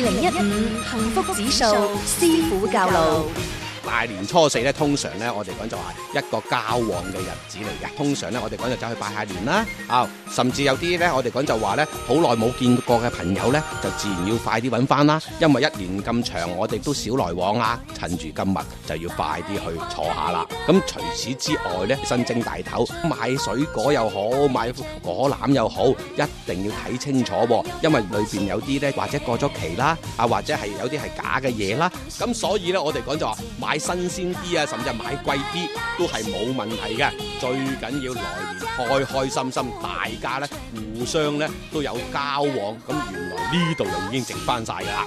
二零一五幸福指數，師傅教路。大年初四咧，通常咧我哋講就係一個交往嘅日子嚟嘅。通常咧我哋講就走去拜下年啦，啊、哦，甚至有啲咧我哋講就話咧，好耐冇見過嘅朋友咧，就自然要快啲搵翻啦。因為一年咁長，我哋都少來往啊。趁住今日就要快啲去坐下啦。咁除此之外咧，新正大頭，買水果又好，買果籃又好，一定要睇清楚，啊，因為裏邊有啲咧或者過咗期啦，啊，或者係有啲係假嘅嘢啦。咁所以咧我哋講就話買。新鮮啲啊，甚至係買貴啲都係冇問題嘅。最緊要來年開開心心，大家咧互相咧都有交往，咁原來呢度就已經值翻晒㗎啦。